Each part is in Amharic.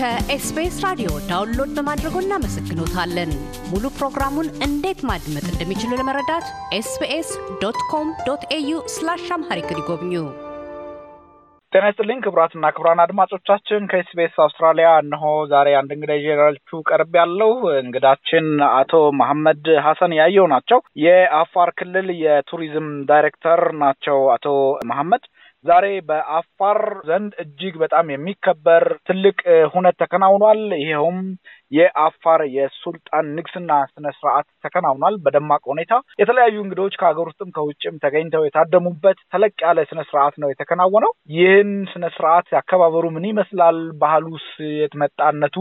ከኤስቢኤስ ራዲዮ ዳውንሎድ በማድረጎ እናመሰግኖታለን። ሙሉ ፕሮግራሙን እንዴት ማድመጥ እንደሚችሉ ለመረዳት ኤስቢኤስ ዶት ኮም ዶት ኤዩ ስላሽ አምሃሪክ ይጎብኙ። ጤና ይስጥልኝ ክቡራትና ክቡራን አድማጮቻችን ከኤስቢኤስ አውስትራሊያ እነሆ ዛሬ አንድ እንግዳ ይዤላችሁ ቀርብ ያለው እንግዳችን አቶ መሐመድ ሀሰን ያየው ናቸው። የአፋር ክልል የቱሪዝም ዳይሬክተር ናቸው። አቶ መሐመድ ዛሬ በአፋር ዘንድ እጅግ በጣም የሚከበር ትልቅ ሁነት ተከናውኗል። ይኸውም የአፋር የሱልጣን ንግስና ስነ ስርዓት ተከናውኗል። በደማቅ ሁኔታ የተለያዩ እንግዶች ከሀገር ውስጥም ከውጭም ተገኝተው የታደሙበት ተለቅ ያለ ስነ ስርዓት ነው የተከናወነው። ይህን ስነ ስርዓት አከባበሩ ምን ይመስላል፣ ባህሉስ የትመጣነቱ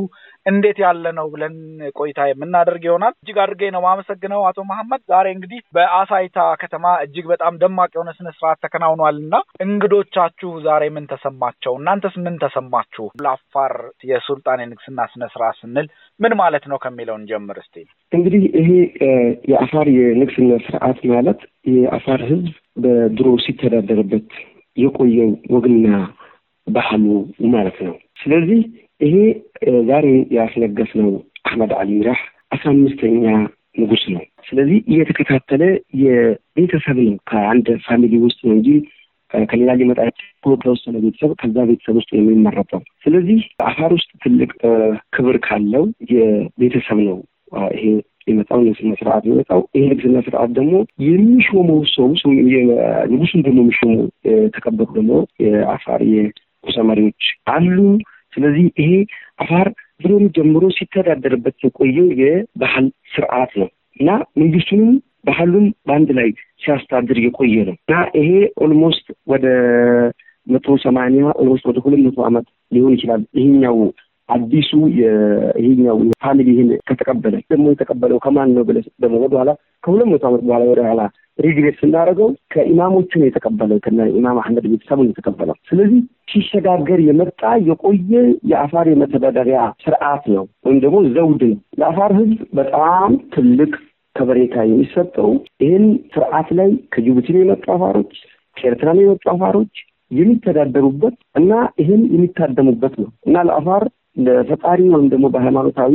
እንዴት ያለ ነው ብለን ቆይታ የምናደርግ ይሆናል። እጅግ አድርጌ ነው ማመሰግነው አቶ መሐመድ። ዛሬ እንግዲህ በአሳይታ ከተማ እጅግ በጣም ደማቅ የሆነ ስነ ስርዓት ተከናውኗል እና እንግዶቻችሁ ዛሬ ምን ተሰማቸው? እናንተስ ምን ተሰማችሁ? ለአፋር የሱልጣን የንግስና ስነ ስርዓት ስንል ምን ማለት ነው ከሚለውን ጀምር እስቲ። እንግዲህ ይሄ የአፋር የንግስነት ስርዓት ማለት የአፋር ህዝብ በድሮ ሲተዳደርበት የቆየው ወግና ባህሉ ማለት ነው። ስለዚህ ይሄ ዛሬ ያስነገስ ነው አህመድ አሊ ራህ አስራ አምስተኛ ንጉስ ነው። ስለዚህ እየተከታተለ የቤተሰብ ነው ከአንድ ፋሚሊ ውስጥ ነው እንጂ ከሌላ ሊመጣ ተወሰነ ቤተሰብ ከዛ ቤተሰብ ውስጥ የሚመረጠው። ስለዚህ አፋር ውስጥ ትልቅ ክብር ካለው የቤተሰብ ነው ይሄ የመጣው ንግስና ስርዓት የመጣው ይህ ንግስና ስርዓት ደግሞ የሚሾመው ሰው ንጉሱን ደግሞ የሚሾሙ የተቀበሉ ደግሞ የአፋር የጎሳ መሪዎች አሉ። ስለዚህ ይሄ አፋር ብሎም ጀምሮ ሲተዳደርበት የቆየው የባህል ስርዓት ነው እና መንግስቱንም ባህሉን በአንድ ላይ ሲያስተዳድር የቆየ ነው እና ይሄ ኦልሞስት ወደ መቶ ሰማኒያ ኦልሞስት ወደ ሁለት መቶ ዓመት ሊሆን ይችላል ይሄኛው አዲሱ ይሄኛው ፋሚሊ ይህን ከተቀበለ ደግሞ የተቀበለው ከማን ነው ብለህ ደግሞ ወደኋላ ከሁለት መቶ ዓመት በኋላ ወደኋላ ሪግሬት ስናደርገው ከኢማሞቹ ነው የተቀበለው ከ ኢማም አህመድ ቤተሰቡ ነው የተቀበለው። ስለዚህ ሲሸጋገር የመጣ የቆየ የአፋር የመተዳደሪያ ስርዓት ነው ወይም ደግሞ ዘውድ ነው። ለአፋር ህዝብ በጣም ትልቅ ከበሬታ የሚሰጠው ይህን ስርዓት ላይ ከጅቡቲ የመጡ አፋሮች ከኤርትራ የመጡ አፋሮች የሚተዳደሩበት እና ይህን የሚታደሙበት ነው እና ለአፋር ለፈጣሪ ወይም ደግሞ በሃይማኖታዊ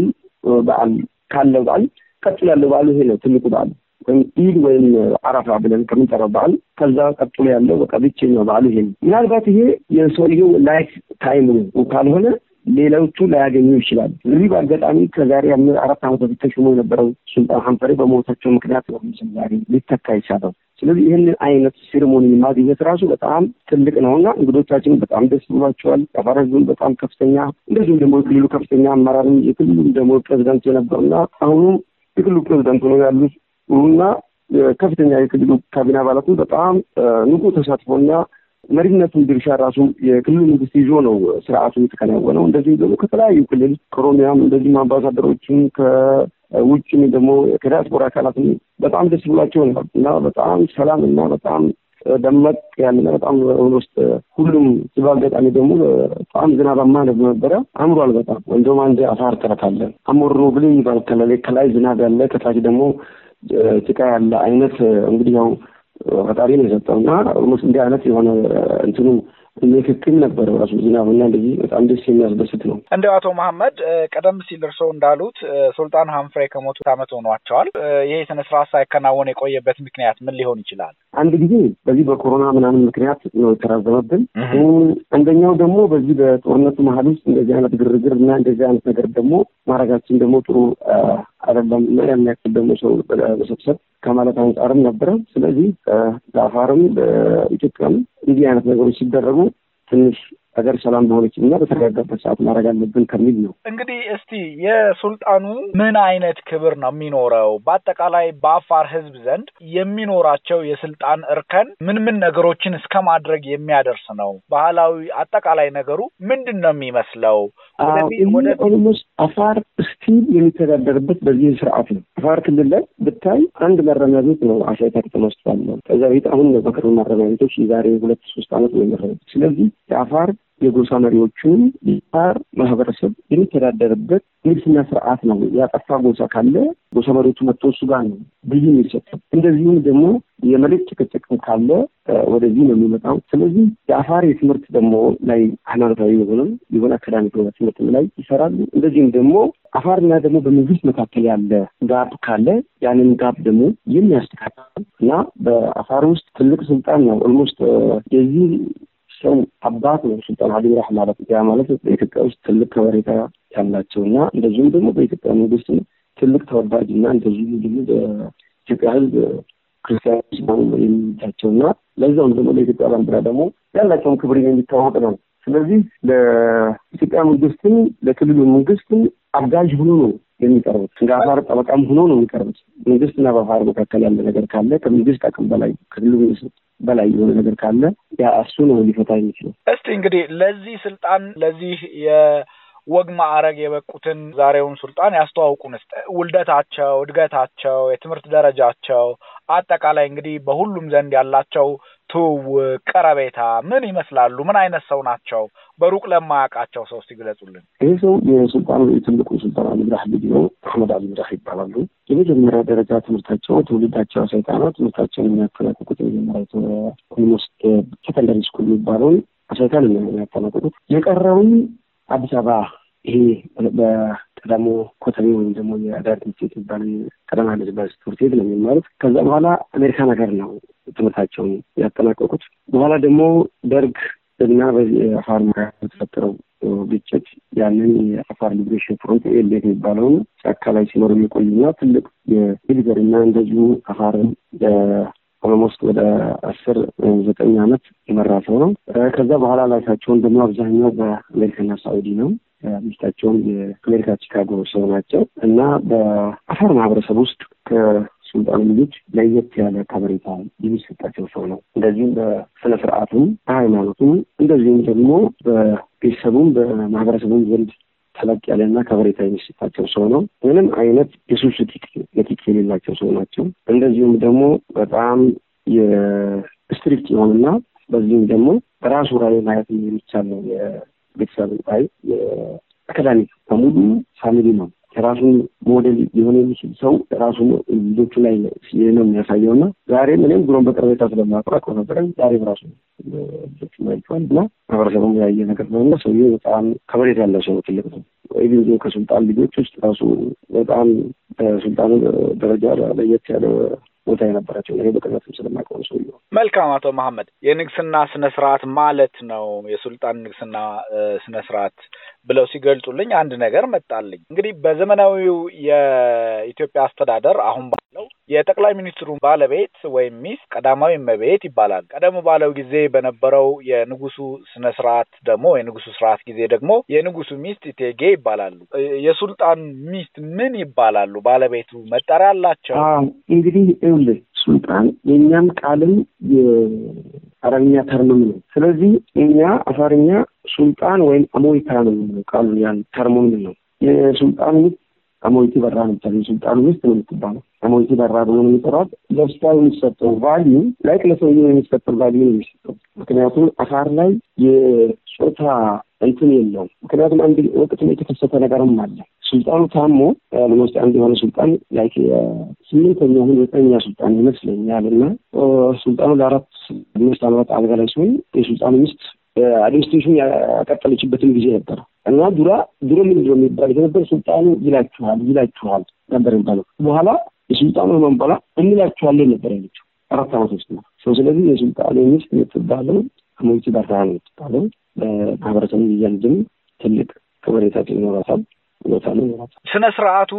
በዓል ካለው በዓል ቀጥሎ ያለው በዓሉ ይሄ ነው ትልቁ በዓል ወይም ኢድ ወይም አረፋ ብለን ከምንጠራው በዓል ከዛ ቀጥሎ ያለው በቃ ብቸኛው በዓሉ ይሄ ነው። ምናልባት ይሄ የሰውየው ላይፍ ታይም ካልሆነ ሌሎቹ ላያገኙ ይችላል። እዚህ በአጋጣሚ ከዛሬ አራት ዓመት በፊት ተሾሞ የነበረው ሱልጣን ሀንፈሬ በሞታቸው ምክንያት ነው ዛሬ ሊተካ ይቻለው። ስለዚህ ይህን አይነት ሴሪሞኒ ማግኘት ራሱ በጣም ትልቅ ነው እና እንግዶቻችን በጣም ደስ ብሏቸዋል። አባራ ህዝቡን በጣም ከፍተኛ እንደዚሁም ደግሞ የክልሉ ከፍተኛ አመራር የክልሉም ደግሞ ፕሬዚደንት የነበሩና አሁኑም የክልሉ ፕሬዚደንት ነው ያሉት እና ከፍተኛ የክልሉ ካቢኔ አባላትን በጣም ንቁ ተሳትፎና መሪነቱን ድርሻ ራሱ የክልሉ መንግስት ይዞ ነው ስርዓቱ የተከናወነው። እንደዚህ ደግሞ ከተለያዩ ክልል ከኦሮሚያም እንደዚሁም አምባሳደሮችም ከውጭም ደግሞ ከዲያስፖራ አካላትም በጣም ደስ ብሏቸው ነው እና በጣም ሰላም እና በጣም ደመቅ ያለና በጣም ውስጥ ሁሉም ስባ አጋጣሚ ደግሞ በጣም ዝናባማ ነበረ። አምሯል በጣም እንደውም አንድ አፋር ተረት አለ አሞሮ ብል ይባል ከላይ ዝናብ ያለ ከታች ደግሞ ጭቃ ያለ አይነት እንግዲህ ያው ፈጣሪ ነው የሰጠው እና ኦልሞስት እንዲህ አይነት የሆነ እንትኑ ምክክል ነበረው ራሱ ዝናቡና እንደዚህ በጣም ደስ የሚያስደስት ነው። እንደው አቶ መሀመድ ቀደም ሲል እርስዎ እንዳሉት ሱልጣን ሀምፍሬ ከሞቱት ዓመት ሆኗቸዋል። ይሄ ስነ ስርዓት ሳይከናወን የቆየበት ምክንያት ምን ሊሆን ይችላል? አንድ ጊዜ በዚህ በኮሮና ምናምን ምክንያት ነው የተራዘመብን። አንደኛው ደግሞ በዚህ በጦርነቱ መሀል ውስጥ እንደዚህ አይነት ግርግር እና እንደዚህ አይነት ነገር ደግሞ ማድረጋችን ደግሞ ጥሩ አይደለም ምን የሚያክል ደግሞ ሰው በሰብሰብ ከማለት አንጻርም ነበረ። ስለዚህ ለአፋርም በኢትዮጵያም እንዲህ አይነት ነገሮች ሲደረጉ ትንሽ ሀገር ሰላም በሆነች እና በተረጋጋበት ሰዓት ማድረግ አለብን ከሚል ነው። እንግዲህ እስቲ የሱልጣኑ ምን አይነት ክብር ነው የሚኖረው? በአጠቃላይ በአፋር ህዝብ ዘንድ የሚኖራቸው የስልጣን እርከን ምን ምን ነገሮችን እስከ ማድረግ የሚያደርስ ነው? ባህላዊ አጠቃላይ ነገሩ ምንድን ነው የሚመስለው? ኦልሞስት አፋር ስቲል የሚተዳደርበት በዚህ ስርዓት ነው። አፋር ክልል ላይ ብታይ አንድ መረሚያ ቤት ነው አሳይታ ከተማ ውስጥ ያለው ከዚ ቤት አሁን ነው በቅርብ መረሚያ ቤቶች የዛሬ ሁለት ሶስት አመት ነው። ስለዚህ የአፋር የጎሳ መሪዎቹን ር ማህበረሰብ የሚተዳደርበት ንግስና ስርዓት ነው። ያጠፋ ጎሳ ካለ ጎሳ መሪዎቹ መጥቶ እሱ ጋር ነው ብይን የሚሰጠው። እንደዚሁም ደግሞ የመሬት ጭቅጭቅም ካለ ወደዚህ ነው የሚመጣው። ስለዚህ የአፋር የትምህርት ደግሞ ላይ ሃይማኖታዊ የሆነም የሆነ አካዳሚክ የሆነ ትምህርትም ላይ ይሰራሉ። እንደዚህም ደግሞ አፋርና ደግሞ በመንግስት መካከል ያለ ጋብ ካለ ያንን ጋብ ደግሞ የሚያስተካክል እና በአፋር ውስጥ ትልቅ ስልጣን ነው ኦልሞስት የዚህ ሰው አባት ወይም ሱልጣን አሊ ማለት ያ ማለት በኢትዮጵያ ውስጥ ትልቅ ከበሬታ ያላቸው እና እንደዚሁም ደግሞ በኢትዮጵያ መንግስት ትልቅ ተወዳጅ እና እንደዚሁም ደግሞ በኢትዮጵያ ህዝብ ክርስቲያኖች በሙሉ የሚታቸው እና ለዛውም ደግሞ ለኢትዮጵያ ባንዲራ ደግሞ ያላቸውን ክብር የሚታወቅ ነው። ስለዚህ ለኢትዮጵያ መንግስትም ለክልሉ መንግስትም አጋዥ ሆኖ ነው የሚቀርቡት። እንደ አፋር ጠበቃም ሆኖ ነው የሚቀርቡት። መንግስትና በአፋር መካከል ያለ ነገር ካለ ከመንግስት አቅም በላይ ከክልሉ መንግስት በላይ የሆነ ነገር ካለ ኢትዮጵያ እሱ ነው ሊፈታ የሚችለው። እስቲ እንግዲህ ለዚህ ስልጣን ለዚህ የወግ ማዕረግ የበቁትን ዛሬውን ስልጣን ያስተዋውቁን ስ ውልደታቸው፣ እድገታቸው፣ የትምህርት ደረጃቸው አጠቃላይ እንግዲህ በሁሉም ዘንድ ያላቸው ትውውቅ፣ ቀረቤታ ምን ይመስላሉ? ምን አይነት ሰው ናቸው? በሩቅ ለማያውቃቸው ሰው ሲግለጹልን። ይህ ሰው የሱልጣን የትልቁ ሱልጣን አልምራህ ልጅ ነው። አህመድ አልምራህ ይባላሉ። የመጀመሪያ ደረጃ ትምህርታቸው ትውልዳቸው አሰልጣና ትምህርታቸውን የሚያጠናቀቁት የመጀመሪያ ኦልሞስት ሴኮንደሪ ስኩል የሚባለውን አሰልጣን የሚያጠናቀቁት የቀረውን አዲስ አበባ ይሄ በቀደሞ ኮተቤ ወይም ደግሞ የአዳሪ ትምህርት ቤት የሚባለ ቀደም አንድ ዝባስ ትምህርት ቤት ነው የሚማሩት። ከዛ በኋላ አሜሪካ ነገር ነው ትምህርታቸውን ያጠናቀቁት። በኋላ ደግሞ ደርግ እና በአፋር መካከል የተፈጠረው ግጭት ያንን የአፋር ሊብሬሽን ፍሮንት ኤልዴት የሚባለውን ጫካ ላይ ሲኖር የሚቆዩና ትልቅ እና እንደዚሁ አፋርን ኦልሞስት ወደ አስር ወይም ዘጠኝ አመት የመራ ሰው ነው። ከዛ በኋላ ላይፋቸውን ደግሞ አብዛኛው በአሜሪካና ሳኡዲ ነው ሚስታቸውም የአሜሪካ ቺካጎ ሰው ናቸው እና በአፋር ማህበረሰብ ውስጥ ከሱልጣኑ ልጆች ለየት ያለ ከበሬታ የሚሰጣቸው ሰው ነው። እንደዚሁም በስነ ስርዓቱም በሃይማኖቱም እንደዚሁም ደግሞ በቤተሰቡም በማህበረሰቡም ዘንድ ተለቅ ያለና ከበሬታ የሚሰጣቸው ሰው ነው። ምንም አይነት የሱስ የቲክ የሌላቸው ሰው ናቸው። እንደዚሁም ደግሞ በጣም የስትሪክት የሆኑና በዚህም ደግሞ በራሱ ራዕይ ማየት የሚቻል ነው ቤተሰብ አይ አካዳሚ በሙሉ ፋሚሊ ነው። የራሱን ሞዴል ሊሆን የሚችል ሰው ራሱ ልጆቹ ላይ ነው የሚያሳየው እና ዛሬ ምንም ጉሮን በቅርቤታ ስለማቅራት ነበረ ዛሬም ራሱ ልጆቹ ያቸዋል እና ማህበረሰቡ ያየ ነገር ነው ነውና ሰውዬ በጣም ከበሬት ያለው ሰው ትልቅ ነው። ወይ ከሱልጣን ልጆች ውስጥ ራሱ በጣም በሱልጣኑ ደረጃ ለየት ያለ ቦታ የነበራቸው እኔ በቅርበትም ሰው ይሆ መልካም አቶ መሐመድ የንግስና ስነ ስርዓት ማለት ነው የሱልጣን ንግስና ስነ ስርዓት ብለው ሲገልጹልኝ አንድ ነገር መጣልኝ። እንግዲህ በዘመናዊው የኢትዮጵያ አስተዳደር አሁን ባለው የጠቅላይ ሚኒስትሩ ባለቤት ወይም ሚስት ቀዳማዊ እመቤት ይባላል። ቀደም ባለው ጊዜ በነበረው የንጉሱ ስነ ደግሞ የንጉሱ ስርዓት ጊዜ ደግሞ የንጉሱ ሚስት እቴጌ ይባላሉ። የሱልጣን ሚስት ምን ይባላሉ? ባለቤቱ መጠሪያ አላቸው? እንግዲህ ይኸውልህ ሱልጣን የእኛም ቃልም የአረብኛ ተርምም ነው። ስለዚህ እኛ አፋርኛ ሱልጣን ወይም አሞይታ ነው ቃሉ ያን ተርሙም ነው። የሱልጣን ሚስት አሞይት በራ ነበር። የሱልጣኑ ሚስት ነው የምትባለው አሞንቲ በራዱ ነው የሚጠራት ለስታ የሚሰጠው ቫልዩ ላይክ ለሰውዬው የሚሰጠው ቫልዩ ነው የሚሰጠው። ምክንያቱም አፋር ላይ የጾታ እንትን የለውም። ምክንያቱም አንድ ወቅት ላይ የተከሰተ ነገርም አለ። ሱልጣኑ ታሞ ልሞስ አንድ የሆነ ሱልጣን ላይክ ስምንተኛ ሁን ዘጠነኛ ሱልጣን ይመስለኛል እና ሱልጣኑ ለአራት አምስት ዓመት አልጋ ላይ ሲሆን የሱልጣኑ ሚስት አድሚኒስትሬሽን ያቀጠለችበትን ጊዜ ነበር እና ዱራ ድሮ ምንድነው የሚባል ነበር ሱልጣኑ ይላችኋል ይላችኋል ነበር የሚባለው በኋላ የሱልጣን መንበላ እንላችኋለን ነበር ያለችው አራት አመት ውስጥ ነው ሰው። ስለዚህ የሱልጣን ሚስት የምትባለው ከሞይቱ ባርታና የምትባለው በማህበረሰቡ ዘንድም ትልቅ ከበሬታ ይኖራታል ስነ ስርዓቱ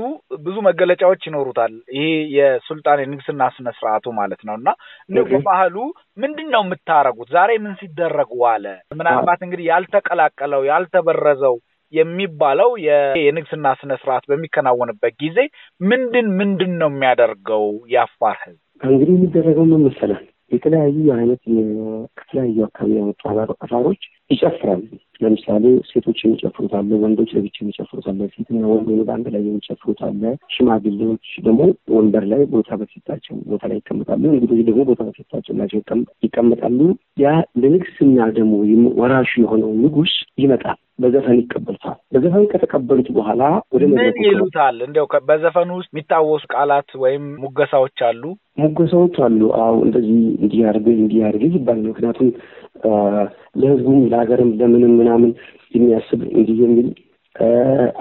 ብዙ መገለጫዎች ይኖሩታል። ይሄ የሱልጣን የንግስና ስነ ስርዓቱ ማለት ነው እና ንጉ ባህሉ ምንድን ነው የምታረጉት? ዛሬ ምን ሲደረጉ አለ ምናልባት እንግዲህ ያልተቀላቀለው ያልተበረዘው የሚባለው የንግስና ስነ ስርዓት በሚከናወንበት ጊዜ ምንድን ምንድን ነው የሚያደርገው የአፋር ህዝብ? እንግዲህ የሚደረገው ምን መሰላል የተለያዩ አይነት ከተለያዩ አካባቢ የመጡ አፋሮች ይጨፍራሉ። ለምሳሌ ሴቶች ይጨፍሩት አለ፣ ወንዶች ለብቻ የሚጨፍሩት አለ፣ ሴትና ወንድ ሆነ በአንድ ላይ የሚጨፍሩት አለ። ሽማግሌዎች ደግሞ ወንበር ላይ ቦታ በፊታቸው ቦታ ላይ ይቀመጣሉ። እንግዶች ደግሞ ቦታ በፊታቸው ናቸው ይቀመጣሉ። ያ ለንግስና ደግሞ ወራሹ የሆነው ንጉስ ይመጣል። በዘፈን ይቀበሉታል። በዘፈን ከተቀበሉት በኋላ ወደ ምን ይሉታል? እንዲያው በዘፈን ውስጥ የሚታወሱ ቃላት ወይም ሙገሳዎች አሉ፣ ሙገሳዎች አሉ። አዎ እንደዚህ እንዲህ ያድርግህ እንዲህ ያድርግህ ይባላል። ምክንያቱም ለህዝቡም ለሀገርም ለምንም ምናምን የሚያስብ እንዲህ የሚል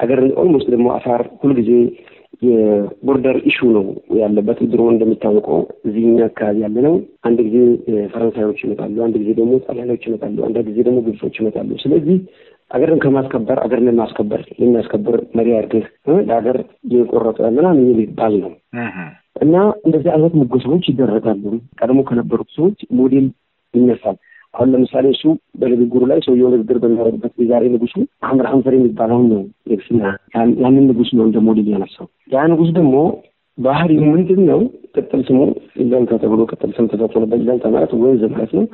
አገር ኦልሞስት ደግሞ አፋር ሁልጊዜ የቦርደር ኢሹ ነው ያለበት። ድሮ እንደሚታወቀው እዚህኛ አካባቢ ያለ ነው። አንድ ጊዜ ፈረንሳዮች ይመጣሉ፣ አንድ ጊዜ ደግሞ ጣሊያኖች ይመጣሉ፣ አንድ ጊዜ ደግሞ ግብጾች ይመጣሉ። ስለዚህ አገርን ከማስከበር አገርን ለማስከበር የሚያስከብር መሪ አድርገህ ለሀገር የቆረጠ ምናምን የሚባል ነው እና እንደዚህ አይነት ሙገሳዎች ይደረጋሉ። ቀድሞ ከነበሩት ሰዎች ሞዴል ይነሳል። አሁን ለምሳሌ እሱ በንግግሩ ላይ ሰውየው ንግግር በሚያደርግበት የዛሬ ንጉሱ አምር አንፈር የሚባለውን ነው የክስና ያንን ንጉስ ነው ደግሞ ልጅ ያነሳው ያ ንጉስ ደግሞ ባህሪው ምንድን ነው? ቅጥል ስሙ ኢለንታ ተብሎ ቅጥል ስም ተሰጥቶበት ኢለንታ ማለት ወንዝ ማለት ነው።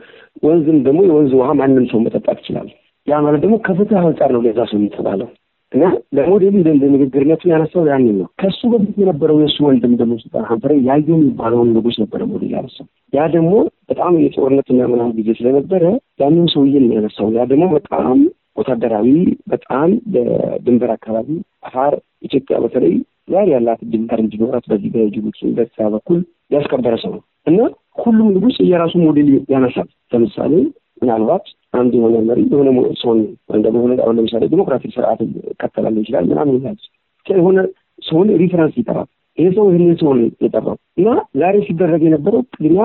ወንዝም ደግሞ የወንዝ ውሃ ማንም ሰው መጠጣት ይችላል። ያ ማለት ደግሞ ከፍትህ አንጻር ነው ለዛ ሰው የተባለው እና ለሞዴል ንግግርነቱን ያነሳው ያን ነው። ከእሱ በፊት የነበረው የእሱ ወንድም ደግሞ ስልጣን ሀንፈረ ያዩ የሚባለውን ንጉስ ነበረ ሞዴል ያነሳው። ያ ደግሞ በጣም የጦርነትና ምናምን ጊዜ ስለነበረ ያንን ሰውዬን ያነሳው። ያ ደግሞ በጣም ወታደራዊ በጣም በድንበር አካባቢ አፋር ኢትዮጵያ በተለይ ዛሬ ያላት ድንበር እንዲኖራት በዚህ በጅቡቲ በዛ በኩል ያስከበረ ሰው ነው እና ሁሉም ንጉስ የራሱ ሞዴል ያነሳል። ለምሳሌ ምናልባት አንድ የሆነ መሪ የሆነ ሰውን ወይም ደግሞ ሆነ አሁን ለምሳሌ ዲሞክራሲ ስርዓት ይከተላል ይችላል ምናምን ይላል የሆነ ሰውን ሪፈረንስ ይጠራል። ይህ ሰው ይህን ሰውን የጠራው እና ዛሬ ሲደረግ የነበረው ቅድሚያ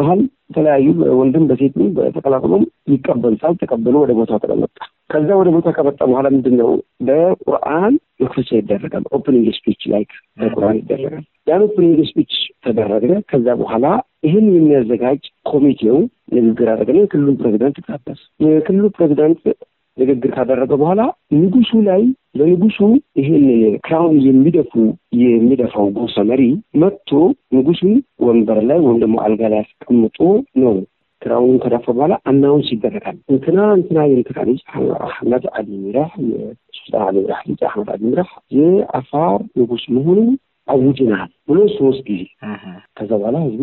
ባህል የተለያዩ ወንድም በሴት በተቀላቅሎም ይቀበል ሳልተቀበሉ ወደ ቦታ ተቀመጣ። ከዛ ወደ ቦታ ከመጣ በኋላ ምንድን ነው በቁርአን መክፈቻ ይደረጋል። ኦፕኒንግ ስፒች ላይክ በቁርአን ይደረጋል። ያን ኦፕኒንግ ስፒች ተደረገ። ከዛ በኋላ ይህን የሚያዘጋጅ ኮሚቴው ንግግር አደረገና የክልሉ ፕሬዚዳንት ተጋበዘ። የክልሉ ፕሬዚዳንት ንግግር ካደረገ በኋላ ንጉሱ ላይ ለንጉሱ ይህን ክራውን የሚደፉ የሚደፋው ጎሰ መሪ መጥቶ ንጉሱን ወንበር ላይ ወይም ደግሞ አልጋ ላይ አስቀምጦ ነው ክራውን ከዳፈ በኋላ አናውንስ ይደረጋል። እንትና እንትና የእንትና ልጅ አህመድ አሊ ሚራህ የሱልጣን አሊ ሚራህ ልጅ አህመድ አሊ ሚራህ የአፋር ንጉስ መሆኑን አውጅናል ብሎ ሶስት ጊዜ ከዛ በኋላ ህዝቡ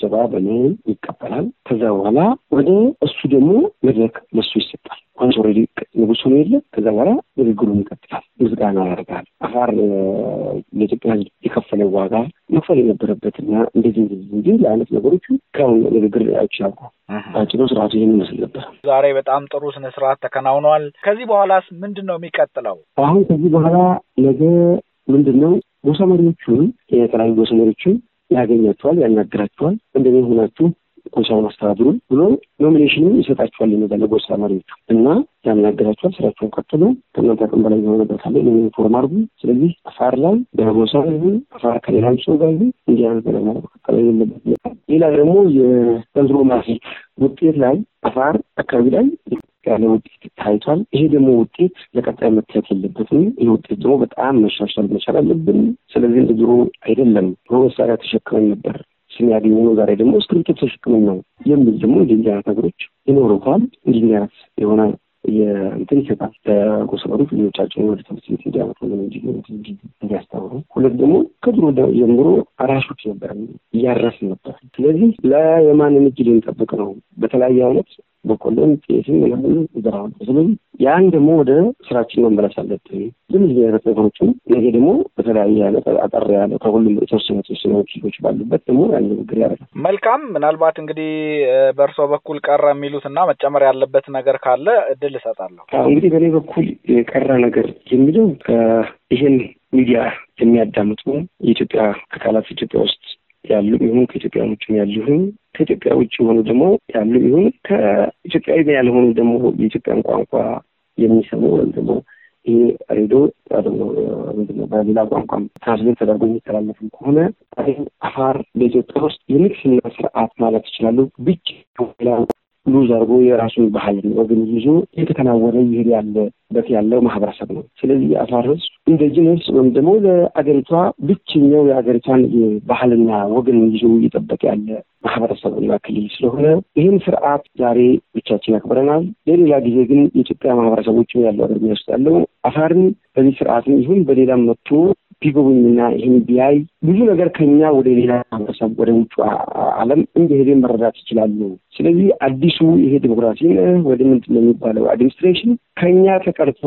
ጀባ በምን ይቀበላል። ከዛ በኋላ ወደ እሱ ደግሞ መድረክ ለሱ ይሰጣል። አንሶ ሬዲ ንጉሱ ነው የለ። ከዛ በኋላ ንግግሩን ይቀጥላል። ምስጋና ያደርጋል። አፋር ለኢትዮጵያ ህዝብ የከፈለ ዋጋ መክፈል የነበረበትና እንደዚህ እንደዚህ እንጂ ለአይነት ነገሮቹ ከሁን ንግግር አይቻሉ አጭሮ ስርዓቱ ይህን ይመስል ነበር። ዛሬ በጣም ጥሩ ስነ ስነስርዓት ተከናውኗል። ከዚህ በኋላስ ምንድን ነው የሚቀጥለው? አሁን ከዚህ በኋላ ነገ ምንድን ነው ጎሳ መሪዎቹን የተለያዩ ጎሳ መሪዎችን ያገኛቸዋል፣ ያናግራቸዋል። እንደኔ ሆናችሁ ጎሳውን አስተዳድሩ ብሎ ኖሚኔሽንም ይሰጣቸዋል ይመጣለ ጎሳ መሪዎቹ እና ያናገራቸዋል። ስራቸውን ቀጥሎ ከእናንተ አቅም በላይ የሆነ ቦታ ላይ ፎርም አድርጉ። ስለዚህ አፋር ላይ በጎሳ ይሁን አፋር ከሌላም ሰው ጋር ይሁን እንዲህ አይነት ነገር መቀጠል የለበትም። ሌላ ደግሞ የዘንድሮ ማሴት ውጤት ላይ አፋር አካባቢ ላይ ያለ ውጤት ታይቷል። ይሄ ደግሞ ውጤት ለቀጣይ መታየት የለበትም። ይህ ውጤት ደግሞ በጣም መሻሻል መቻል አለብን። ስለዚህ እንደ ድሮ አይደለም። መሳሪያ ተሸክመኝ ነበር ስም ያገኘ ነው። ዛሬ ደግሞ እስክሪብቶ ተሸክመኝ ነው የሚል ደግሞ እንዲህ አይነት ነገሮች ይኖሩታል። እንዲህ አይነት የሆነ እንትን ይሰጣል። በጎሰበሩ ልጆቻቸውን ወደ ትምህርት ቤት እንዲያመጡ ነው እንዲያስተምሩ፣ ሁለት ደግሞ ከድሮ ጀምሮ አራሾች ነበር እያረስ ነበር። ስለዚህ ለየማንን እጅ ልንጠብቅ ነው በተለያየ አይነት በቆሎም ጤስም ምናምን ዘራውን ስለዚህ ያን ደግሞ ወደ ስራችን መመለስ አለብን። ዝም ዚ አይነት ነገሮችም ነገ ደግሞ በተለያየ አይነት አጠር ያለ ከሁሉም የተወሰነ ተወሰነ ኪሎች ባሉበት ደግሞ ያን ንግግር ያደርጋል። መልካም። ምናልባት እንግዲህ በእርሶ በኩል ቀረ የሚሉት እና መጨመር ያለበት ነገር ካለ እድል እሰጣለሁ። እንግዲህ በእኔ በኩል የቀረ ነገር የሚለው ይህን ሚዲያ የሚያዳምጡ የኢትዮጵያ አካላት ኢትዮጵያ ውስጥ ያሉ ይሁን ከኢትዮጵያ ውጭም ያሉ ይሁን ከኢትዮጵያ ውጭ የሆኑ ደግሞ ያሉ ይሁን ከኢትዮጵያዊ ያልሆኑ ደግሞ የኢትዮጵያን ቋንቋ የሚሰሙ ወይም ደግሞ ይሄ ሬዲዮ በሌላ ቋንቋ ትራንስሌት ተደርጎ የሚተላለፍም ከሆነ አፋር በኢትዮጵያ ውስጥ የንግስና ስርዓት ማለት ይችላሉ ብቻ ሉዝ አድርጎ የራሱን ባህልን ወግን ይዞ የተከናወነ ይሄድ ያለበት ያለው ማህበረሰብ ነው። ስለዚህ የአፋር ህዝብ እንደ ጂነስ ወይም ደግሞ ለአገሪቷ ብቸኛው የአገሪቷን ባህልና ወግን ይዞ እየጠበቀ ያለ ማህበረሰብ እና ክልል ስለሆነ ይህን ስርዓት ዛሬ ብቻችን ያክብረናል። ለሌላ ጊዜ ግን የኢትዮጵያ ማህበረሰቦች ያለው እርምጃ ውስጥ ያለው አፋርን በዚህ ስርዓትን ይሁን በሌላም መጥቶ ቢጎበኝና ይህን ቢያይ ብዙ ነገር ከኛ ወደ ሌላ ማህበረሰብ ወደ ውጭ ዓለም እንደሄደ መረዳት ይችላሉ። ስለዚህ አዲሱ ይሄ ዲሞክራሲ ወደ ምንድን ነው የሚባለው አድሚኒስትሬሽን ከኛ ተቀርቶ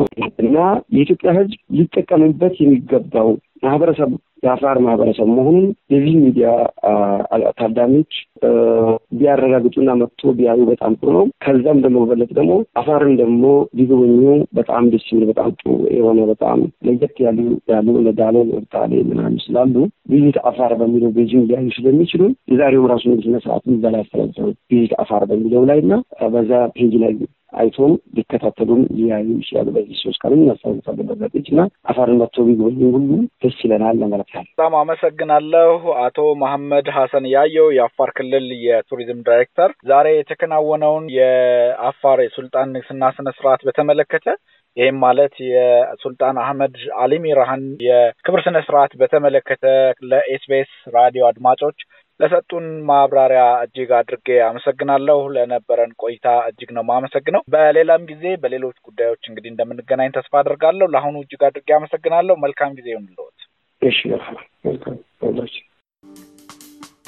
እና የኢትዮጵያ ሕዝብ ሊጠቀምበት የሚገባው ማህበረሰብ የአፋር ማህበረሰብ መሆኑን የዚህ ሚዲያ ታዳሚዎች ቢያረጋግጡና መጥቶ ቢያዩ በጣም ጥሩ ነው። ከዛም ደግሞ በበለጥ ደግሞ አፋርን ደግሞ ሊጎበኙ በጣም ደስ የሚል በጣም ጥሩ የሆነ በጣም ለየት ያሉ ያሉ ለዳሎ ወርታሌ ምናምን ስላሉ ቪዚት አፋር በሚለው ቤጂንግ ሊያዩ ስለሚችሉ የዛሬውም ራሱ ንግድ ስነስርዓቱን በላይ ያስተላልፈ ቪዚት አፋር በሚለው ላይ እና በዛ ፔጅ ላይ አይቶም ሊከታተሉም ሊያዩ ይችላሉ። በዚህ ሶስት ቀን እናስታውሳለን። በጋጤች እና አፋርን መጥቶ ቢጎበኙ ሁሉ ደስ ይለናል ለማለት ያህል። በጣም አመሰግናለሁ አቶ መሐመድ ሀሰን ያየው የአፋር ክልል የቱሪዝም ዳይሬክተር። ዛሬ የተከናወነውን የአፋር የሱልጣን ንግስና ስነ ስርዓት በተመለከተ ይህም ማለት የሱልጣን አህመድ አሊ ሚራህን የክብር ስነ ስርዓት በተመለከተ ለኤስቢኤስ ራዲዮ አድማጮች ለሰጡን ማብራሪያ እጅግ አድርጌ አመሰግናለሁ። ለነበረን ቆይታ እጅግ ነው የማመሰግነው። በሌላም ጊዜ በሌሎች ጉዳዮች እንግዲህ እንደምንገናኝ ተስፋ አድርጋለሁ። ለአሁኑ እጅግ አድርጌ አመሰግናለሁ። መልካም ጊዜ ይሁንልዎት። እሺ መልካም